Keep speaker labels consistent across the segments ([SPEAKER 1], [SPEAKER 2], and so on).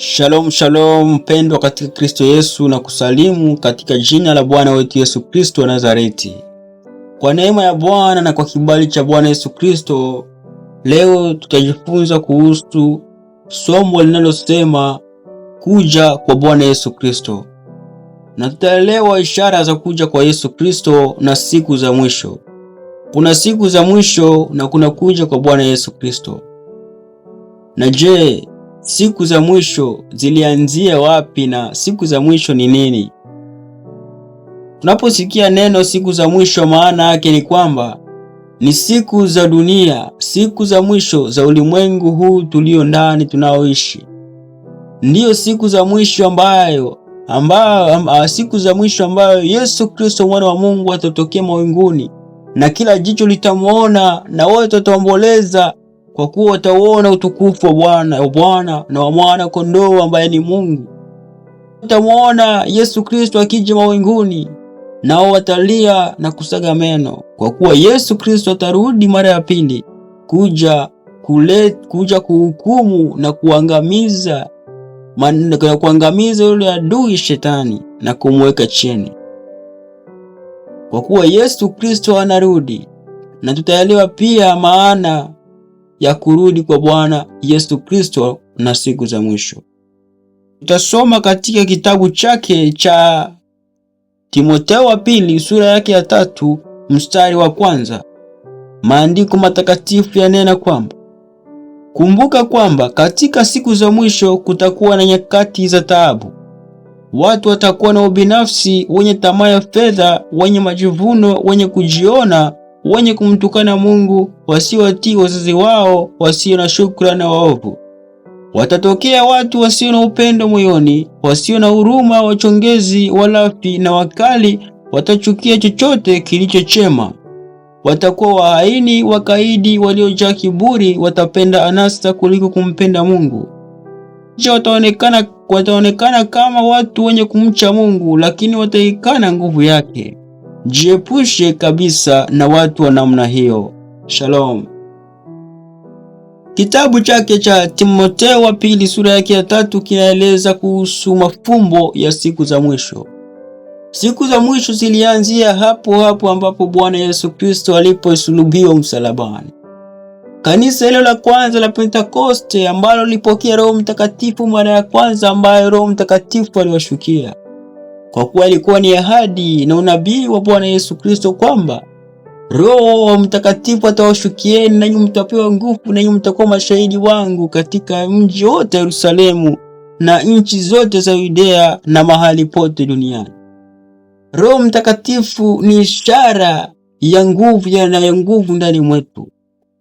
[SPEAKER 1] Shalom shalom, mpendwa katika Kristo Yesu, na kusalimu katika jina la Bwana wetu Yesu Kristo wa Nazareti. Kwa neema ya Bwana na kwa kibali cha Bwana Yesu Kristo, leo tutajifunza kuhusu somo linalosema kuja kwa Bwana Yesu Kristo, na tutaelewa ishara za kuja kwa Yesu Kristo na siku za mwisho. Kuna siku za mwisho na kuna kuja kwa Bwana Yesu Kristo. Na je, siku za mwisho zilianzia wapi na siku za mwisho ni nini? Tunaposikia neno siku za mwisho, maana yake ni kwamba ni siku za dunia, siku za mwisho za ulimwengu huu tulio ndani tunaoishi, ndiyo siku za mwisho ambayo ambayo, ah, siku za mwisho ambayo Yesu Kristo mwana wa Mungu atatokea mawinguni na kila jicho litamwona na wote wataomboleza kwa kuwa utauona utukufu wa Bwana wa Bwana na wa mwana kondoo ambaye ni Mungu. Utamwona Yesu Kristo akija mawinguni, nao watalia na kusaga meno, kwa kuwa Yesu Kristo atarudi mara ya pili kuja kule, kuja kuhukumu na kuangamiza na kuangamiza yule adui shetani na kumweka chini, kwa kuwa Yesu Kristo anarudi, na tutaelewa pia maana ya kurudi kwa Bwana Yesu Kristo na siku za mwisho. Tutasoma katika kitabu chake cha Timotheo wa pili sura yake ya tatu mstari wa kwanza. Maandiko matakatifu yanena kwamba kumbuka kwamba katika siku za mwisho kutakuwa na nyakati za taabu. Watu watakuwa na ubinafsi, wenye tamaa ya fedha, wenye majivuno, wenye kujiona, wenye kumtukana Mungu, wasiowatii wazazi wao, wasio na shukra na waovu. Watatokea watu wasio na upendo moyoni, wasio na huruma, wachongezi, walafi na wakali, watachukia chochote kilicho chema. Watakuwa wahaini, wakaidi, waliojaa kiburi, watapenda anasa kuliko kumpenda Mungu. Kisha wataonekana wataonekana kama watu wenye kumcha Mungu, lakini wataikana nguvu yake. Jiepushe kabisa na watu wa namna hiyo. Shalom. Kitabu chake cha Timotheo wa pili sura yake ya tatu kinaeleza kuhusu mafumbo ya siku za mwisho. Siku za mwisho zilianzia hapo hapo ambapo Bwana Yesu Kristo aliposulubiwa msalabani. Kanisa hilo la kwanza la Pentekoste ambalo lilipokea Roho Mtakatifu mara ya kwanza ambayo Roho Mtakatifu aliwashukia kwa kuwa ilikuwa ni ahadi na unabii wa Bwana Yesu Kristo kwamba Roho wa Mtakatifu atawashukieni nanyi mtapewa nguvu, nanyi mtakuwa mashahidi wangu katika mji wote Yerusalemu na nchi zote za Yudea na mahali pote duniani. Roho Mtakatifu ni ishara ya nguvu ya nguvu ndani mwetu.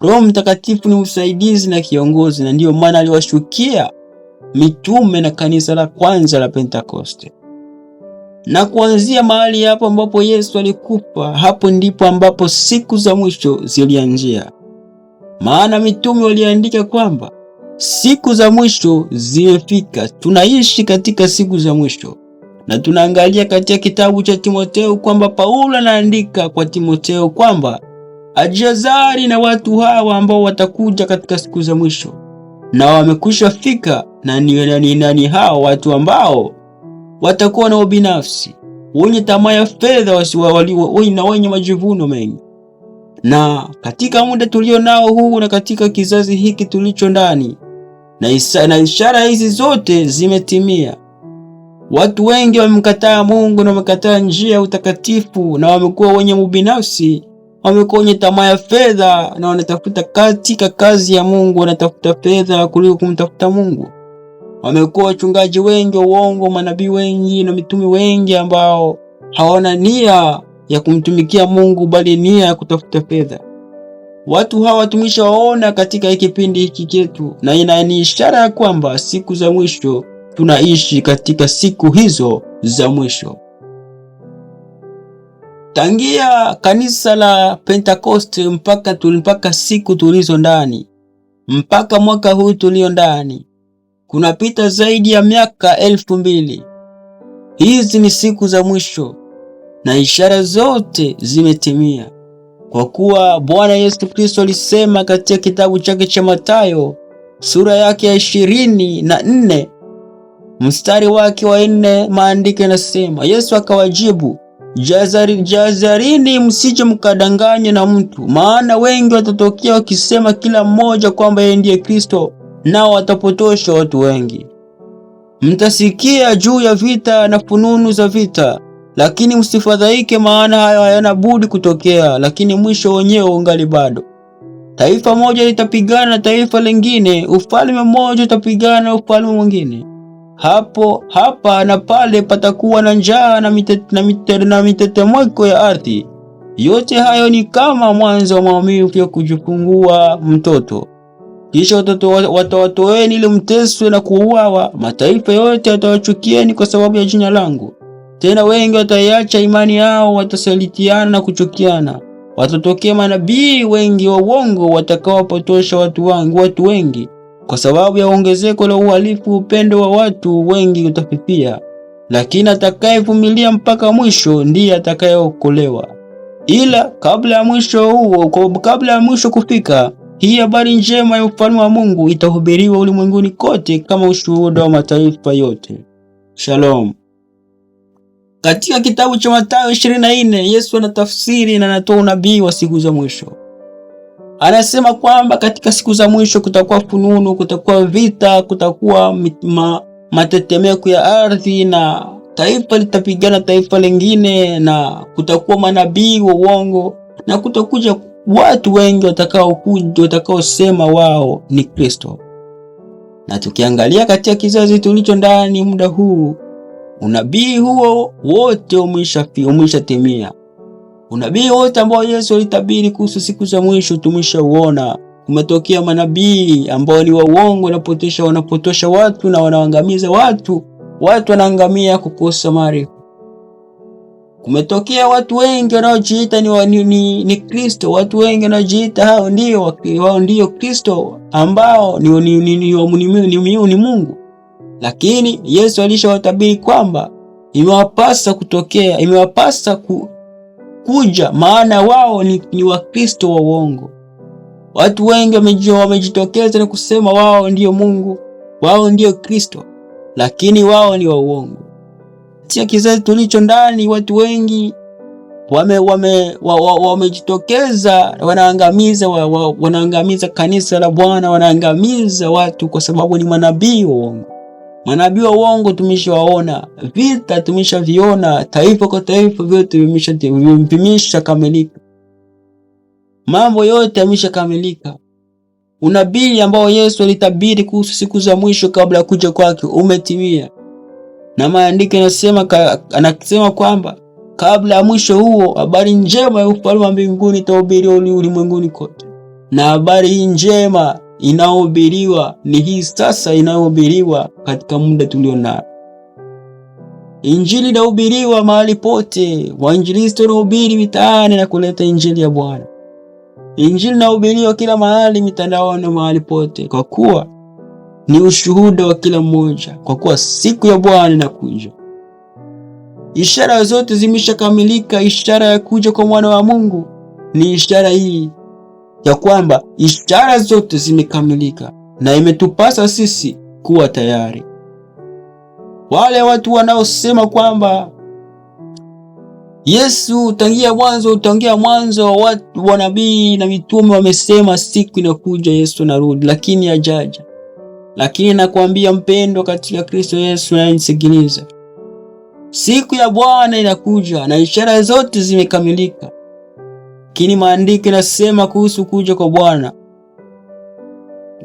[SPEAKER 1] Roho Mtakatifu ni msaidizi na kiongozi, na ndiyo maana aliwashukia mitume na kanisa la kwanza la Pentekoste na kuanzia mahali hapo ambapo Yesu alikupa, hapo ndipo ambapo siku za mwisho zilianzia. Maana mitume waliandika kwamba siku za mwisho zimefika. Tunaishi katika siku za mwisho, na tunaangalia katika kitabu cha Timotheo kwamba Paulo anaandika kwa Timotheo kwamba ajiazari na watu hawa ambao watakuja katika siku za mwisho, na wamekwisha fika. Na ni nani hao watu ambao watakuwa na ubinafsi, wenye tamaa ya fedha, na wenye majivuno mengi. Na katika muda tulio nao huu na katika kizazi hiki tulicho ndani, na, isa, na ishara hizi zote zimetimia. Watu wengi wamemkataa Mungu na wamekataa njia ya utakatifu na wamekuwa wenye ubinafsi, wamekuwa wenye tamaa ya fedha na wanatafuta katika kazi ya Mungu, wanatafuta fedha kuliko kumtafuta Mungu. Wamekuwa wachungaji wengi wa uongo, manabii wengi na mitume wengi ambao hawana nia ya kumtumikia Mungu, bali nia ya kutafuta fedha. Watu hawa tumeshawaona katika kipindi hiki chetu, na ina ni ishara ya kwamba siku za mwisho tunaishi katika siku hizo za mwisho. Tangia kanisa la Pentekoste mpaka tulipaka siku tulizo ndani, mpaka mwaka huu tulio ndani, kunapita zaidi ya miaka elfu mbili. Hizi ni siku za mwisho na ishara zote zimetimia, kwa kuwa Bwana Yesu Kristo alisema katika kitabu chake cha Mathayo sura yake ya ishirini na nne mstari wake wa nne, maandiko yanasema, Yesu akawajibu, jazari, jazarini msije mkadanganywe na mtu, maana wengi watatokea wakisema kila mmoja kwamba yeye ndiye Kristo, nao watapotosha watu wengi. Mtasikia juu ya vita na fununu za vita, lakini msifadhaike, maana hayo hayana budi kutokea, lakini mwisho wenyewe ungali bado. Taifa moja litapigana na taifa lingine, ufalme mmoja utapigana na ufalme mwingine. Hapo hapa na pale patakuwa na njaa na mitetemeko mitete ya ardhi. Yote hayo ni kama mwanzo wa maumivu ya kujifungua mtoto. Kisha watoto watawatoeni ili mteswe na kuuawa, mataifa yote atawachukieni kwa sababu ya jina langu. Tena wengi wataiacha imani yao, watasalitiana na kuchukiana. Watatokea manabii wengi wa uongo watakaowapotosha watu wangu, watu wengi. Kwa sababu ya ongezeko la uhalifu, upendo wa watu wengi utafifia, lakini atakayevumilia mpaka mwisho ndiye atakayeokolewa. Ila kabla ya mwisho huo, kabla ya mwisho kufika hii habari njema ya ufalme wa Mungu itahubiriwa ulimwenguni kote kama ushuhuda wa mataifa yote. Shalom. Katika kitabu cha Mathayo 24, Yesu anatafsiri na anatoa unabii wa siku za mwisho. Anasema kwamba katika siku za mwisho kutakuwa fununu, kutakuwa vita, kutakuwa ma, matetemeko ya ardhi na taifa litapigana taifa lingine, na kutakuwa manabii wa uongo na kutakuja watu wengi watakaokuja watakaosema wao ni Kristo. Na tukiangalia katika kizazi tulicho ndani muda huu, unabii huo wote umwishatimia. Unabii wote ambao Yesu alitabiri kuhusu siku za mwisho tumeshauona. Kumetokea manabii ambao ni waongo, wanapotosha wanapotosha watu na wanaangamiza watu, watu wanaangamia kukosa maarifa. Kumetokea watu wengi wanaojiita ni, ni, ni, ni Kristo. Watu wengi wanaojiita hao ndio wao ndio Kristo ambao ni, ni, ni, ni, ni, ni Mungu, lakini Yesu alishawatabiri kwamba imewapasa kutokea, imewapasa ku, kuja, maana wao ni, ni Wakristo wa uongo. Watu wengi wamejitokeza na kusema wao ndio Mungu, wao ndio Kristo, lakini wao ni wa uongo kupitia kizazi tulicho ndani, watu wengi wamejitokeza wame, wame wanaangamiza, wa, wa, wanaangamiza kanisa la Bwana, wanaangamiza watu kwa sababu ni manabii wa uongo. Manabii wa uongo tumeshawaona, vita tumeshaviona, taifa kwa taifa, vyote vimeshakamilika, mambo yote kamilika. Unabii ambao Yesu alitabiri kuhusu siku za mwisho kabla ya kuja kwake umetimia na maandiko yanasema anasema kwamba kabla ya mwisho huo habari njema ya ufalme wa mbinguni itahubiriwa ulimwenguni kote, na habari hii njema inayohubiriwa ni hii sasa inayohubiriwa katika muda tulio nao. Injili inahubiriwa mahali pote, wainjilisti wanahubiri mitaani na kuleta injili ya Bwana. Injili inahubiriwa kila mahali, mitandaoni, mahali pote, kwa kuwa ni ushuhuda wa kila mmoja, kwa kuwa siku ya Bwana inakuja. Ishara zote zimeshakamilika. Ishara ya kuja kwa mwana wa Mungu ni ishara hii ya kwamba ishara zote zimekamilika, na imetupasa sisi kuwa tayari. Wale watu wanaosema kwamba Yesu tangia mwanzo, utangia mwanzo, watu wanabii na mitume wamesema siku inakuja Yesu narudi, lakini ajaja. Lakini nakwambia mpendwa katika Kristo Yesu unayenisikiliza, siku ya Bwana inakuja na ishara zote zimekamilika. Lakini maandiko yanasema kuhusu kuja kwa Bwana,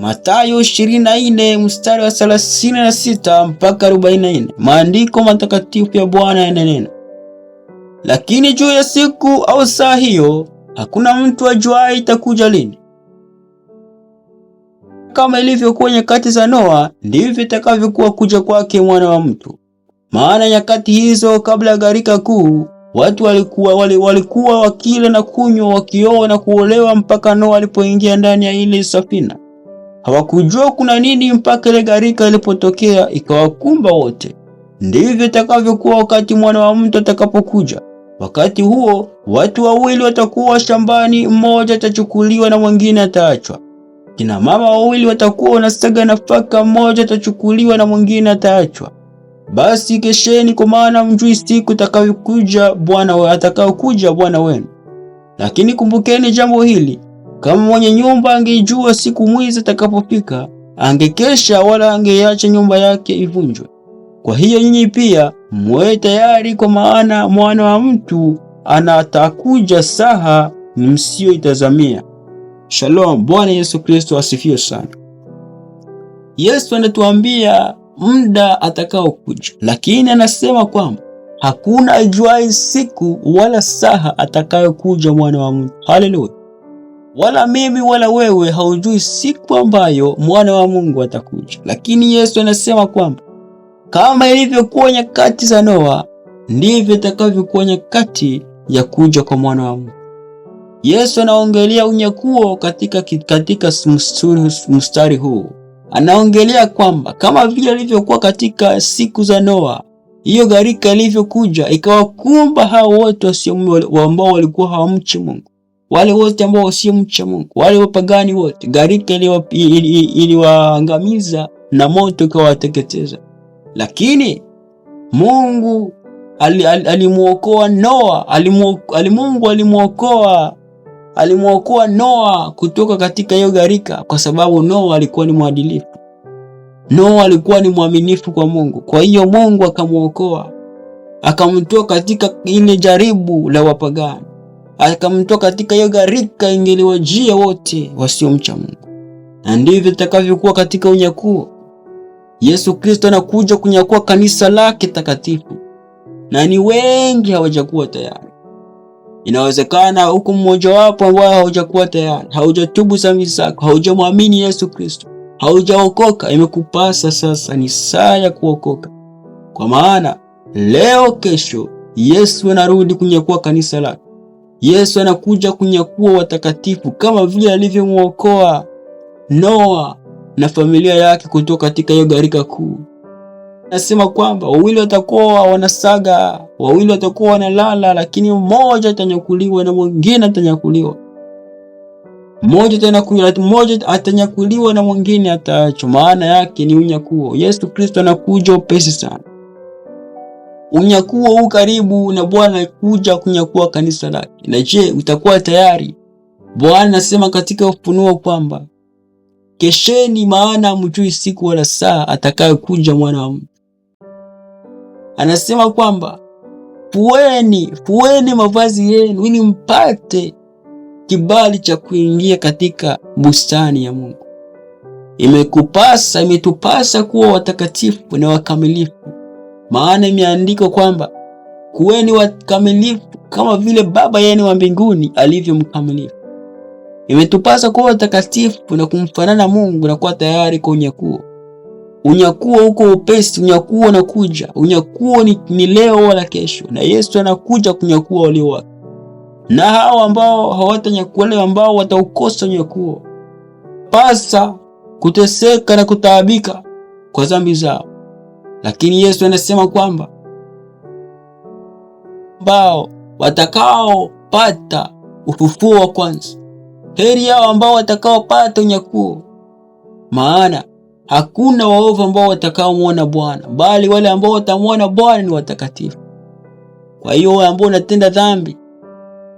[SPEAKER 1] Mathayo 24 mstari wa 36 mpaka 44. Maandiko matakatifu ya Bwana yananena, lakini juu ya siku au saa hiyo hakuna mtu ajuaye itakuja lini kama ilivyokuwa nyakati za Noa, ndivyo itakavyokuwa kuja kwake mwana wa mtu. Maana nyakati hizo kabla ya gharika kuu, watu walikuwa wali, walikuwa wakila na kunywa, wakioa na kuolewa, mpaka Noa alipoingia ndani ya ile safina. Hawakujua kuna nini mpaka ile gharika ilipotokea ikawakumba wote. Ndivyo itakavyokuwa wakati mwana wa mtu atakapokuja. Wakati huo watu wawili watakuwa shambani, mmoja atachukuliwa na mwingine ataachwa. Kina mama wawili watakuwa wanasaga nafaka, mmoja atachukuliwa na mwingine ataachwa. Basi kesheni, kwa maana mjui siku atakayokuja Bwana atakayokuja Bwana wenu. Lakini kumbukeni jambo hili, kama mwenye nyumba angeijua siku mwizi atakapofika, angekesha wala angeacha nyumba yake ivunjwe. Kwa hiyo nyinyi pia muwe tayari, kwa maana mwana wa mtu anatakuja saha msiyoitazamia. Shalom, Bwana Yesu Kristo asifiwe sana. Yesu anatuambia muda kuja, lakini anasema kwamba hakuna ajuaye siku wala atakayo atakayokuja mwana wa Mungu. Haleluya! Wala mimi wala wewe haujui siku ambayo mwana wa Mungu atakuja, lakini Yesu anasema kwamba kama ilivyokuwa nyakati za Noa, ndivyo itakavyokuwa nyakati ya kuja kwa mwana wa Mungu. Yesu anaongelea unyakuo katika, katika mstari huu anaongelea kwamba kama vile ilivyokuwa katika siku za Noa, hiyo gharika ilivyokuja ikawakumba hao wote ambao walikuwa hawamchi Mungu, wale wote ambao wasiomcha Mungu, wale wapagani wote, gharika iliwaangamiza ili, ili na moto ikawateketeza. Lakini Mungu alimuokoa Noa, alimu, Mungu alimuokoa alimwokoa Noa kutoka katika hiyo gharika, kwa sababu Noa alikuwa ni mwadilifu. Noa alikuwa ni mwaminifu kwa Mungu, kwa hiyo Mungu akamwokoa, akamtoa katika ile jaribu la wapagani, akamtoa katika hiyo gharika ingeliwajia wote wasiomcha Mungu, na ndivyo itakavyokuwa katika unyakuo. Yesu Kristo anakuja kunyakua kanisa lake takatifu, na ni wengi hawajakuwa tayari. Inawezekana huku mmojawapo ambao haujakuwa tayari, haujatubu zambi zako, haujamwamini Yesu Kristo, haujaokoka. Imekupasa sasa, ni saa ya kuokoka, kwa maana leo, kesho Yesu anarudi kunyakua kanisa lake. Yesu anakuja kunyakua watakatifu kama vile alivyomwokoa Noa na familia yake kutoka katika hiyo gharika kuu nasema kwamba wawili watakuwa wanasaga, wawili watakuwa wanalala, lakini mmoja atanyakuliwa na mwingine atanyakuliwa. Mmoja atanyakuliwa na mwingine ataachwa. Maana yake ni unyakuo. Yesu Kristo anakuja upesi sana. Unyakuo huu karibu, na Bwana anakuja kunyakua kanisa lake. Na je, utakuwa tayari? Bwana anasema katika Ufunuo kwamba kesheni, maana mjui siku wala saa atakayokuja mwana wa mtu anasema kwamba fueni, fueni mavazi yenu ili mpate kibali cha kuingia katika bustani ya Mungu. Imekupasa, imetupasa kuwa watakatifu na wakamilifu, maana imeandikwa kwamba kuweni wakamilifu kama vile Baba yenu wa mbinguni alivyo mkamilifu. Imetupasa kuwa watakatifu na kumfanana Mungu na kuwa tayari kwa unyakuo. Unyakuo huko upesi, unyakuo unakuja. Unyakuo ni, ni leo wala kesho, na Yesu anakuja kunyakuwa walio wake, na hao ambao hawatanyakuo, wale ambao wataukosa unyakuo, pasa kuteseka na kutaabika kwa dhambi zao. Lakini Yesu anasema kwamba ambao watakaopata ufufuo wa kwanza, heri yao ambao watakaopata unyakuo, maana Hakuna waovu ambao watakaomwona Bwana, bali wale ambao watamwona Bwana ni watakatifu. Kwa hiyo wale ambao unatenda dhambi,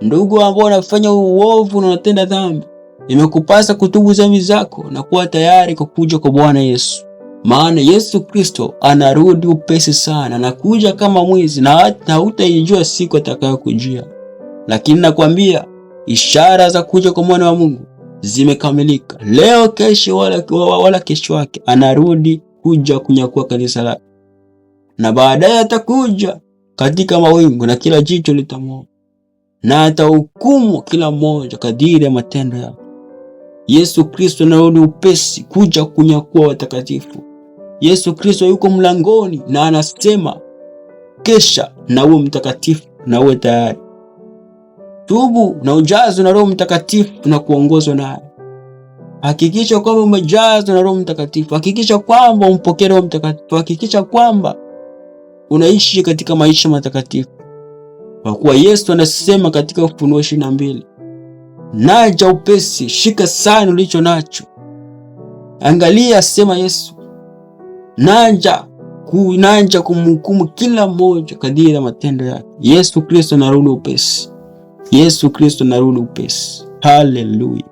[SPEAKER 1] ndugu ambao wanafanya uovu na unatenda dhambi, imekupasa kutubu dhambi zako na kuwa tayari kwa kuja kwa Bwana Yesu, maana Yesu Kristo anarudi upesi sana, anakuja kama mwizi, na hata hutaijua siku atakayokujia. Lakini nakwambia ishara za kuja kwa mwana wa Mungu zimekamilika leo, kesho wala, wala kesho yake anarudi kuja kunyakua kanisa lake, na baadaye atakuja katika mawingu na kila jicho litamwona na atahukumu kila mmoja kadiri ya matendo yake Yesu Kristo anarudi upesi kuja kunyakua watakatifu. Yesu Kristo yuko mlangoni na anasema, kesha na uwe mtakatifu na uwe tayari. Tubu na ujazwe na Roho Mtakatifu na kuongozwa naye. Hakikisha kwamba umejazwa na Roho Mtakatifu, hakikisha kwamba umpokee Roho Mtakatifu, hakikisha kwamba unaishi katika maisha matakatifu, kwa kuwa Yesu anasema katika Ufunuo 22 naja upesi, shika sana ulicho nacho. Angalia, asema Yesu, naja ku, naja kumhukumu kila mmoja kadiri ya matendo yake. Yesu Kristo anarudi upesi. Yesu Kristo narudi upesi. Haleluya.